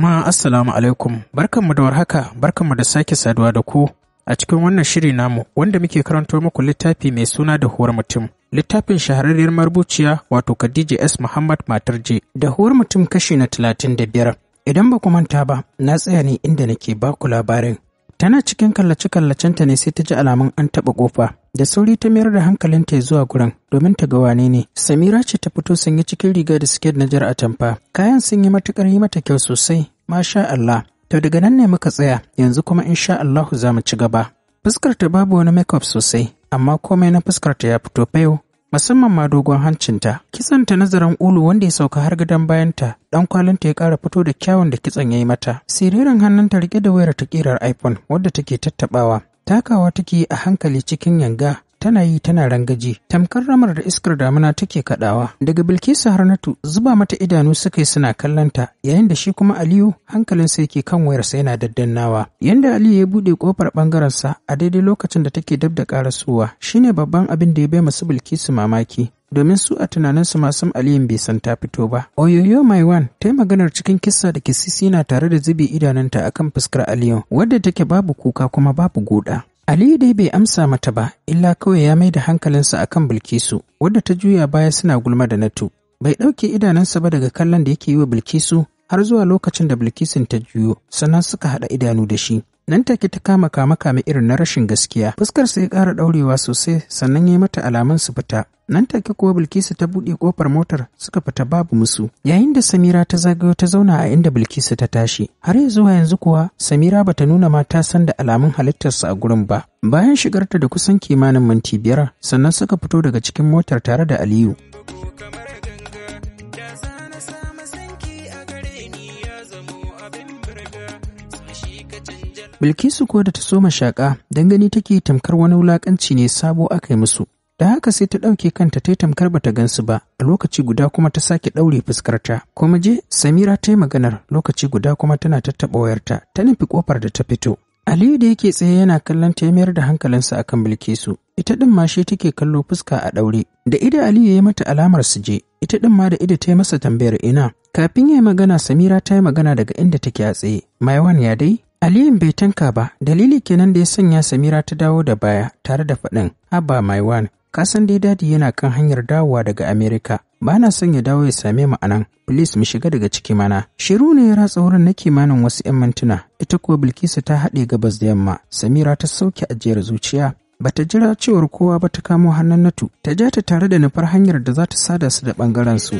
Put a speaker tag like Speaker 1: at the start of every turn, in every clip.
Speaker 1: Jama'a Assalamu alaikum, barkanmu da warhaka, barkanmu da sake saduwa da ku a cikin wannan shiri namu wanda muke karanto muku littafi mai suna da huwar mutum. Littafin shahararriyar marubuciya wato Khadija S. Muhammad Matarje da huwar mutum kashi na talatin da biyar. Idan ba ku manta ba, na tsaya ne inda nake ba ku labarin. Tana cikin kallace-kallacenta ne sai ta ji alamun an taɓa ƙofa. Da sauri ta mayar da hankalinta zuwa gurin domin ta ga wane ne. Samira ce ta fito yi cikin riga da siket na jar atamfa. Kayan sun yi matukar yi mata kyau sosai Masha Allah, to daga nan ne muka tsaya yanzu kuma insha Allahu za mu ci gaba. Fuskarta babu wani makeup sosai, amma komai na fuskarta ya fito fayo, musamman ma dogon hancinta. Kitsanta nazarin ulu wanda ya sauka har gadon bayanta, dan kwalinta ya ƙara fito da kyawun da kitsan ya yi mata. Siririn hannunta rike da wayar ta ƙirar iPhone wadda take tattabawa. Takawa take a hankali cikin yanga tana yi tana rangaji tamkar ramar da iskar damuna take kadawa daga bilkisu harnatu zuba mata idanu suka yi suna kallanta yayin da shi kuma aliyu hankalinsa yake kan wayarsa yana daddannawa yanda aliyu ya buɗe kofar ɓangarensa a daidai lokacin da take dab da karasuwa shine babban abin da ya bai masu bilkisu mamaki domin su a tunaninsu masu aliyun bai san ta fito ba. Oyoyo Maiwan ta yi maganar cikin kissa da kisisi na tare da zube idanunta akan fuskar aliyu wadda take babu kuka kuma babu guda. Aliyu dai bai amsa mata ba, illa kawai ya mai da hankalinsa a kan Bilkisu, wadda ta juya baya suna gulma da Natu. Bai ɗauke idanunsa ba daga kallon da yake yi wa Bilkisu har zuwa lokacin da Bilkisun ta juyo, sannan suka haɗa idanu da shi. nan take ta kama kama kama irin na rashin gaskiya fuskar ya ƙara ɗaurewa sosai sannan ya mata alamun su fita nan take kuwa bilkisu ta buɗe ƙofar motar suka fita babu musu yayin da samira ta zagayo ta zauna a inda bilkisu ta tashi har ya zuwa yanzu kuwa samira bata nuna ma ta san da alamun halittarsa a gurin ba bayan shigarta da kusan kimanin minti biyar sannan suka fito daga cikin motar tare da aliyu Bilkisu ko da ta soma shaƙa don gani take tamkar wani wulaƙanci ne sabo aka yi musu. Da haka sai ta ɗauke kanta ta yi tamkar ba ta gansu ba, a lokaci guda kuma ta sake ɗaure fuskarta. Kuma je, Samira ta yi maganar lokaci guda kuma tana tattaɓa wayarta, ta nufi ƙofar da ta fito. Aliyu da yake tsaye yana kallon ta mayar da hankalinsa akan Bilkisu, ita ɗin ma shi take kallo fuska a ɗaure. Da ida Aliyu ya mata alamar su je, ita ɗin ma da ida ta yi masa tambayar ina. Kafin ya yi magana Samira ta yi magana daga inda take a tsaye, Maiwan ya dai? Aliyun bai tanka ba, dalili kenan da ya sanya Samira ta dawo da baya tare da faɗin Abba Maiwan. Kasan dai dadi yana kan hanyar dawowa daga Amerika. Ba na son ya dawo ya same mu anan. Please mu shiga daga ciki mana. Shiru ne ya ratsa wurin na kimanin wasu 'yan mintuna. Ita kuwa Bilkisu ta haɗe gabas da yamma. Samira ta sauke ajiyar zuciya. Bata jira cewar kowa ba ta kamo hannun Natu. Ta ja ta tare da nufar hanyar da za ta sada su da ɓangaren su.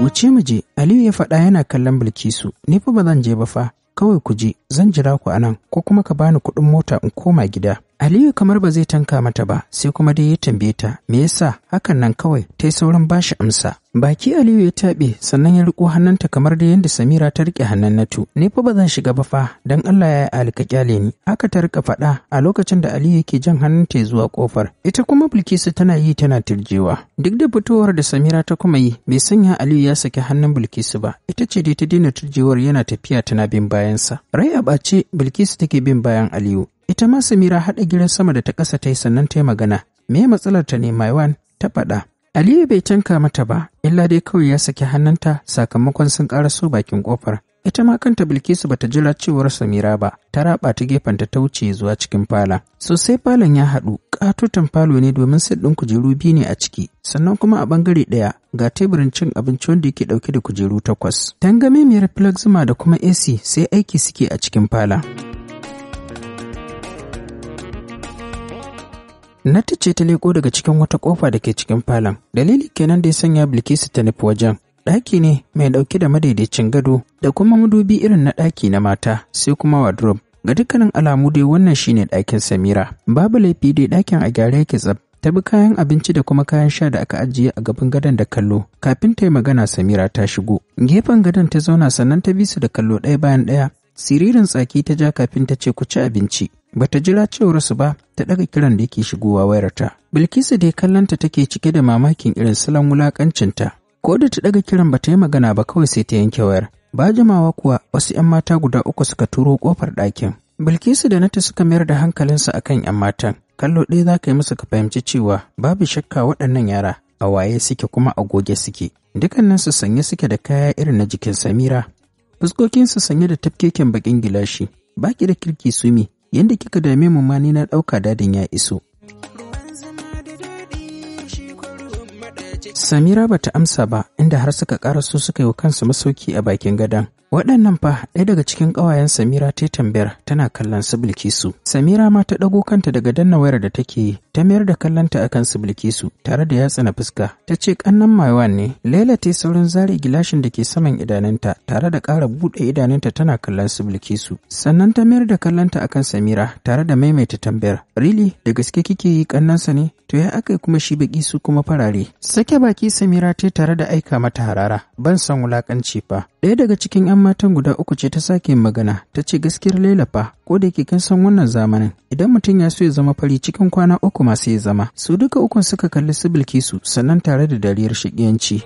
Speaker 1: Wuce mu je, Aliyu ya faɗa yana kallon Bilkisu, ni fa ba zan je ba fa, kawai ku je, zan jira ku anan ko kuma ka bani kuɗin mota in koma gida. Aliyu kamar ba zai tanka mata ba sai kuma dai ya tambaye ta me yasa hakan nan kawai ta yi saurin bashi amsa. Baki Aliyu ya taɓe sannan ya riƙo hannunta kamar da yadda Samira ta riƙe hannun Natu. Ni fa ba zan shiga ba fa dan Allah ya yi alka ƙyale ni. Haka ta riƙa faɗa a lokacin da Aliyu yake jan hannunta zuwa ƙofar. Ita kuma Bilkisu tana yi tana turjewa. Duk da fitowar da Samira ta kuma yi bai sanya Aliyu ya saki hannun Bilkisu ba. Ita ce dai ta daina turjewar yana tafiya tana bin bayansa. Rai a ɓace Bilkisu take bin bayan Aliyu. Ita ma Samira haɗa gidan sama da ta ƙasa ta yi sannan ta yi magana. Me matsalar ta ne Maiwan ta faɗa. Aliyu bai canka mata ba, illa dai kawai ya saki hannunta sakamakon sun ƙaraso bakin ƙofar. Ita ma kanta Bilkisu bata jira cewar Samira ba, ta raba ta gefenta ta wuce zuwa cikin fala. Sosai falon ya haɗu, ƙatoton falo ne domin sit kujeru biyu ne a ciki, sannan kuma a ɓangare ɗaya ga teburin cin abinci wanda yake ɗauke da kujeru takwas. Tangamemiyar filag zuma da kuma AC sai aiki suke a cikin fala. Nata ce ta leko daga cikin wata kofa da ke cikin falon. Dalili kenan da ya sanya Bilkisu ta nufi wajen. Ɗaki ne mai ɗauke da madaidaicin gado da kuma madubi irin na ɗaki na mata sai kuma wardrobe. Ga dukkanin alamu dai wannan shine ɗakin Samira. Babu laifi dai ɗakin a gyara yake tsab. Ta bi kayan abinci da kuma kayan sha da aka ajiye a gaban gadon da kallo. Kafin ta yi magana Samira ta shigo. Gefen gadon ta zauna sannan ta bi su da kallo ɗaya bayan ɗaya. Siririn tsaki ta ja kafin ta ce ku ci abinci. Ba ta jira cewarsu ba ta ɗaga kiran da yake shigowa wayarta. Bilkisu dai kallonta take cike da mamakin irin salon wulaƙancinta. Ko da ta ɗaga kiran ba ta yi magana ba kawai sai ta yanke wayar. Ba jimawa kuwa wasu 'yan mata guda uku suka turo ƙofar ɗakin. Bilkisu da Nata suka mayar da hankalinsu akan 'yan matan. Kallo ɗaya za ka yi musu ka fahimci cewa babu shakka waɗannan yara a waye suke kuma a goge suke. Dukannansu sanye suke da kaya irin na jikin Samira. Fuskokinsu sanye da tafkeken baƙin gilashi. Baki da kirki sumi yadda kika dame mu ma ni na ɗauka dadin ya iso. Samira ba ta amsa ba inda har suka ƙara karaso suka yi wa kansu masauki a bakin gadon. Waɗannan fa ɗaya daga cikin ƙawayen Samira ta tambayar tana kallon su Bilkisu. Samira ma ta ɗago kanta daga danna wayar da take yi ta mayar da kallonta a kan su tare da yatsa na fuska. Ta ce ƙannan Maiwan ne, Laila ta saurin zare gilashin da ke saman idanunta tare da ƙara buɗe idanunta tana kallon Bilkisu. Sannan ta mayar da kallonta a kan Samira tare da maimaita tambayar, Rili da gaske kike yi ƙannansa ne? To ya aka kuma shi baki su kuma farare. Sake baki Samira ta tare da aika mata harara, ban san wulakanci fa. Ɗaya daga cikin 'yan matan guda uku ce ta sake magana, ta ce gaskiyar Laila fa, ko da yake kan san wannan zamanin, idan mutum ya so ya zama fari cikin kwana uku kuma sai zama su duka ukun suka kalli su bilkisu sannan tare da dariyar shigiyanci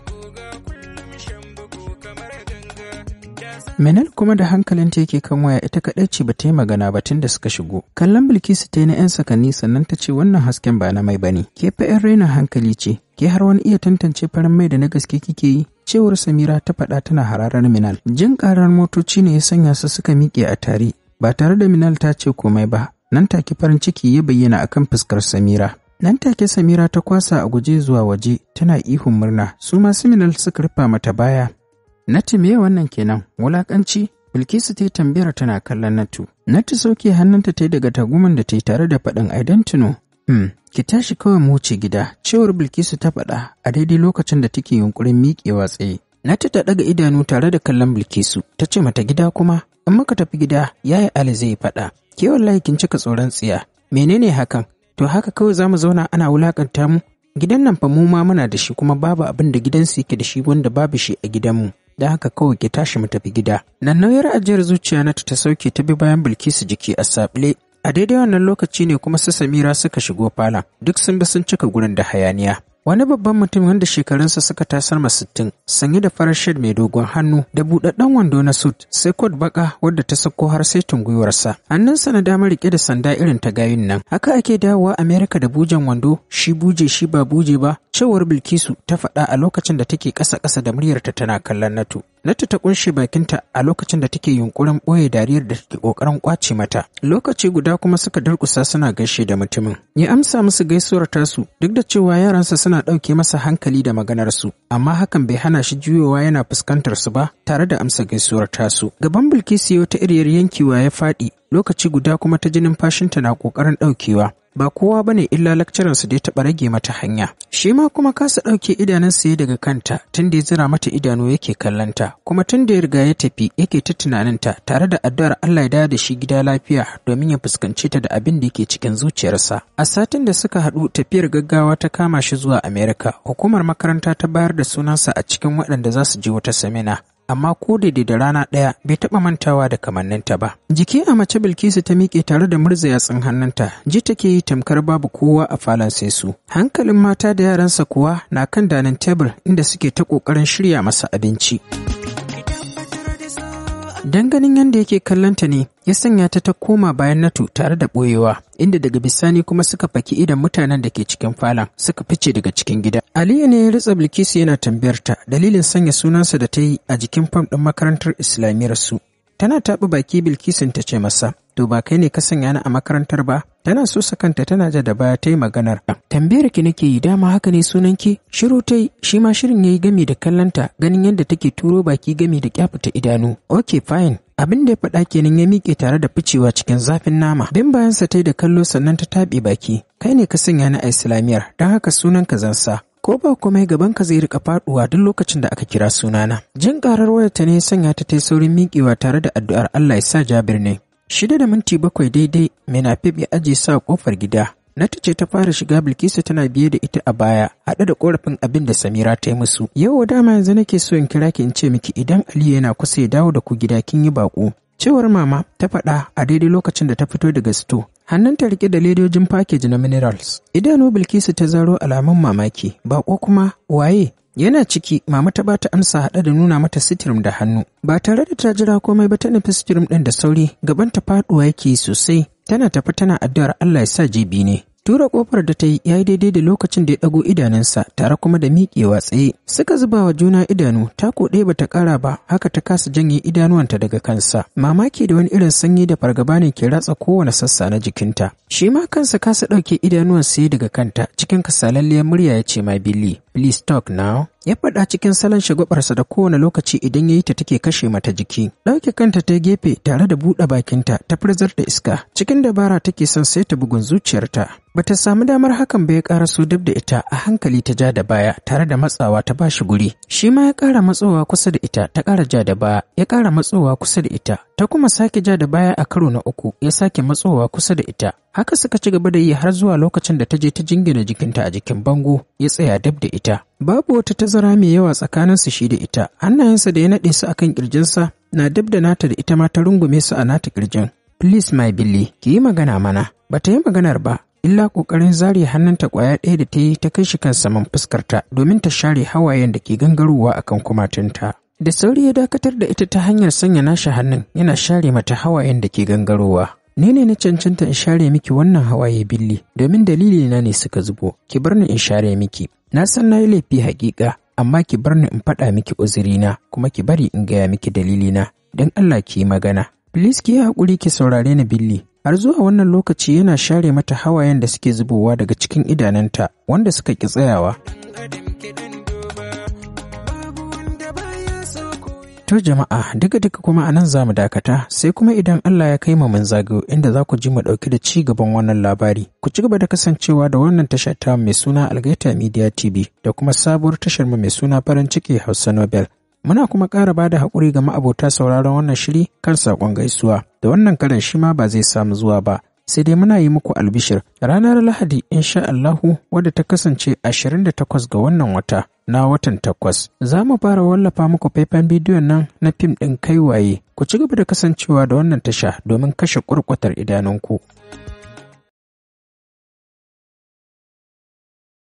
Speaker 1: Menel kuma da hankalin ta yake kan waya ita kaɗai ce ba ta yi magana ba tun da suka shigo. Kallon Bilkisu ta yi na 'yan sakanni sannan ta ce wannan hasken ba na mai ba ne. Ke fa 'yan raina hankali ce, ke har wani iya tantance farin mai da na gaske kike yi? Cewar Samira ta faɗa tana hararar Minal. Jin ƙarar motoci ne ya sanya su suka miƙe a tare, ba tare da Minal ta ce komai ba. nan take farin ciki ya bayyana akan fuskar samira nan take samira ta kwasa a guje zuwa waje tana ihun murna su ma siminal suka rufa mata baya nati me wannan kenan wulakanci bilkisu ta yi tambayar tana kallon natu natu sauke hannunta ta yi daga taguman da ta yi tare da faɗin aidan Hmm, ki tashi kawai mu wuce gida, cewar Bilkisu ta faɗa a daidai lokacin da take yunkurin miƙewa tsaye. Natu ta ɗaga idanu tare da kallon Bilkisu, ta ce mata gida kuma, in muka tafi gida yayi ali zai faɗa ke wallahi kin cika tsoron tsiya menene hakan to haka kawai za mu zauna ana wulakanta mu gidan nan fa mu ma muna da shi kuma babu abin da gidansu yake da shi wanda babu shi a gidanmu da haka kawai ke tashi mu tafi gida nan nauyar ajiyar zuciya na ta sauke ta bi bayan bilkisu jiki a saɓile a daidai wannan lokaci ne kuma su samira suka shigo fala duk sun bi sun cika gurin da hayaniya Wani babban mutum wanda shekarunsa suka tasar ma sittin, sanye da farar mai dogon hannu da buɗaɗɗen wando na sut, sai kod baka wadda ta sako har sai gwiwarsa. Hannunsa na dama rike da sanda irin ta gayun nan. Haka ake dawowa Amerika da bujen wando, shi buje shi ba buje ba, cewar Bilkisu ta faɗa a lokacin da take ƙasa-ƙasa da muryarta tana kallon Natu. Natu ta ƙunshe bakinta a lokacin da take yunkurin ɓoye dariyar da take ƙoƙarin ƙwace mata. Lokaci guda kuma suka durƙusa suna gaishe da mutumin. Ya amsa musu gaisuwar tasu duk da cewa yaransa suna suna ɗauke masa hankali da maganarsu, amma hakan bai hana shi juyowa yana fuskantar su ba tare da amsa gaisuwar tasu. Gaban Bilkisu wata iriyar yankewa ya faɗi lokaci guda kuma ta jinin numfashinta na ƙoƙarin ɗaukewa ba kowa ba ne illa lakcararsu da ya taɓa rage mata hanya shi ma kuma kasa ɗauke idanunsa ya daga kanta tun da ya zira mata idanu yake kallanta kuma tun da ya riga ya tafi yake ta tunaninta tare da addu'ar Allah ya dawo da shi gida lafiya domin ya fuskance ta da abin da yake cikin zuciyarsa a satin da suka haɗu tafiyar gaggawa ta kama shi zuwa Amerika hukumar makaranta ta bayar da sunansa a cikin waɗanda za su je wata samina amma ko daidai da rana ɗaya bai taɓa mantawa da kamanninta ba. Jiki a mace Bilkisu ta miƙe tare da murza yatsun hannunta, ji take yi tamkar babu kowa a falon sai su. Hankalin mata da yaransa kuwa na kan danin tebur inda suke ta ƙoƙarin shirya masa abinci. Don ganin yadda yake kallonta ne ya sanya ta ta koma bayan natu tare da ɓoyewa inda daga bisani kuma suka faki idan mutanen da ke cikin falon suka fice daga cikin gida. Aliyu ne ya ritsa Bilkisu yana tambayar ta dalilin sanya sunansa da ta yi a jikin fam ɗin makarantar Islamiyyar su. Tana taɓa baki Bilkisun ta ce masa to ba kai ne ka sanya ni a makarantar ba tana so sa kanta tana ja da baya ta yi maganar tambayar ki nake yi dama haka ne sunan ki shiru ta yi shi ma shirin ya yi gami da kallanta ganin yadda take turo baki gami da kyafuta idanu Ok fine abin da ya faɗa kenan ya miƙe tare da ficewa cikin zafin nama bin bayansa ta yi da kallo sannan ta taɓe baki kai ne ka sanya ni a islamiyar don haka sunan ka sa. ko ba komai gaban ka zai rika faɗuwa duk lokacin da aka kira sunana jin ƙarar wayarta ne sanya ta ta yi saurin miƙewa tare da addu'ar Allah ya sa jabir ne Shida da minti bakwai daidai mai Menafib ya su sa kofar gida. Nata ce ta fara shiga Bilkisu tana biye da ita a baya, haɗe da korafin abin da Samira ta yi musu. Yau dama yanzu nake so in kira ki in ce miki idan Aliyu yana kusa ya dawo da ku gida kin yi baƙo. Cewar mama ta faɗa a daidai lokacin da ta fito daga sito. ta rike da ledojin pakeji na minerals. Idanu Bilkisu ta zaro alamun mamaki, baƙo kuma waye Yana ciki, mama ta bata amsa haɗe da nuna mata sitirim da hannu. Ba tare da ta jira komai ba ta nufi sitirim ɗin da sauri, gaban ta faɗuwa yake sosai, tana tafi tana addu'ar Allah ya sa jibi ne. Tura ƙofar da ta yi ya yi daidai da lokacin da ya ɗago idanunsa tare kuma da miƙewa tsaye. Suka zuba wa juna idanu, tako ɗaya bata ƙara ba, haka ta kasa janye idanuwanta daga kansa. Mamaki da wani irin sanyi da fargaba ne ke ratsa kowane sassa na jikinta. Shi ma kansa kasa ɗauke saye daga kanta cikin kasalalliyar murya ya ce ma Billy, please talk now. ya faɗa cikin salon shagwabarsa da kowane lokaci idan ya yi ta take kashe mata jiki ɗauke kanta ta gefe tare da buɗe bakinta ta firzar da iska cikin dabara take son sai ta bugun zuciyarta bata samu damar hakan ba ya ƙara su dab da ita a hankali ta ja da baya tare da matsawa ta ba shi guri shi ma ya ƙara matsowa kusa da ita ta ƙara ja da baya ya ƙara matsowa kusa da ita ta kuma sake ja da baya a karo na uku ya sake matsowa kusa da ita haka suka ci gaba da yi har zuwa lokacin da ta je ta jingina jikinta a jikin bango ya tsaya dab da ita Babu wata tazara mai yawa tsakaninsu shi da ita, hannayensa da ya naɗe su akan ƙirjinsa na dab da nata da ita ma ta rungume su a nata kirjin Please my Billy, ki yi magana mana. Ba ta yi maganar ba, illa ƙoƙarin zare hannunta ƙwaya ɗaya da ta yi ta kai shi kan saman fuskarta domin ta share hawayen da ke gangarowa akan kumatunta. Da sauri ya dakatar da ita ta hanyar sanya nashi hannun yana share mata hawayen da ke gangarowa. Ne ne na cancanta in share miki wannan hawaye billi domin dalili na ne suka zubo, ki bar ni in share miki. Na san na yi laifi haƙiƙa, amma ki bar ni in faɗa miki uzurina kuma ki bari in gaya miki dalilina, don Allah ki yi magana. Please ki yi haƙuri ki saurare ni Billi, Har zuwa wannan lokaci yana share mata hawayen da suke zubowa daga cikin idanunta wanda suka ki tsayawa. To jama'a duka duka kuma a nan za mu dakata sai kuma idan Allah ya kai mu mun zagayo inda za ku ji mu ɗauki da ci gaban wannan labari. Ku ci gaba da kasancewa da wannan tashar ta mai suna Algaita Media TV da kuma sabuwar tashar mu mai suna farin ciki Hausa Nobel. Muna kuma ƙara ba da haƙuri ga ma'abota sauraron wannan shiri kan saƙon gaisuwa da wannan karan shi ma ba zai samu zuwa ba. Sai dai muna yi muku albishir ranar Lahadi insha Allahu wadda ta kasance 28 ga wannan wata na watan takwas za mu fara wallafa muku faifan bidiyon nan na fim ɗin kai waye. ku ci gaba da kasancewa da wannan tasha domin kashe kurkwatar idanunku.